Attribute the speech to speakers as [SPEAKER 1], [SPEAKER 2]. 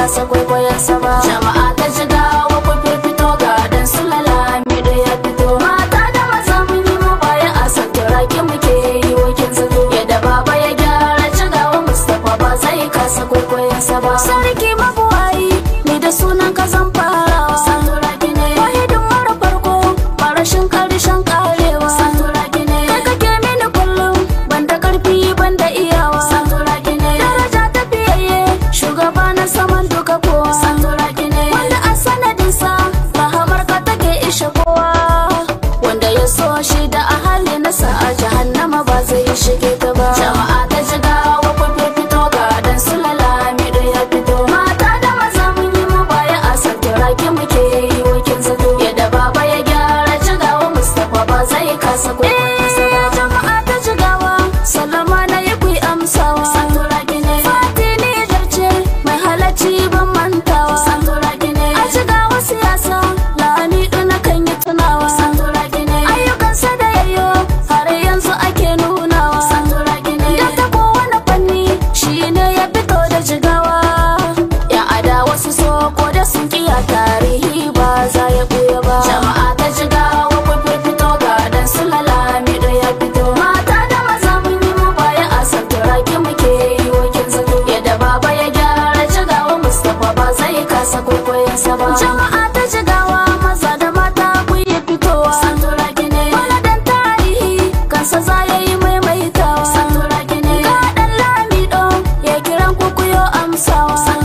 [SPEAKER 1] kasa kwaikwayon jama'a ta shiga wa fito ga dan su lalami da ya fito mata da maza mun yi mabaya a santura ki muke yi wakin zato yadda baba ya gyara shigawa mustapha ba zai kasa kwaikwayon sa sarki mabuwayi ni da sunan ka zan fara Jama'a ta jigawa maza da mata ku yi fitowa. Santura gine. Waladan tarihi kansa za ya yi maimaitawa. Santura gine. lami lamido ya kiran kuku, yo amsawa.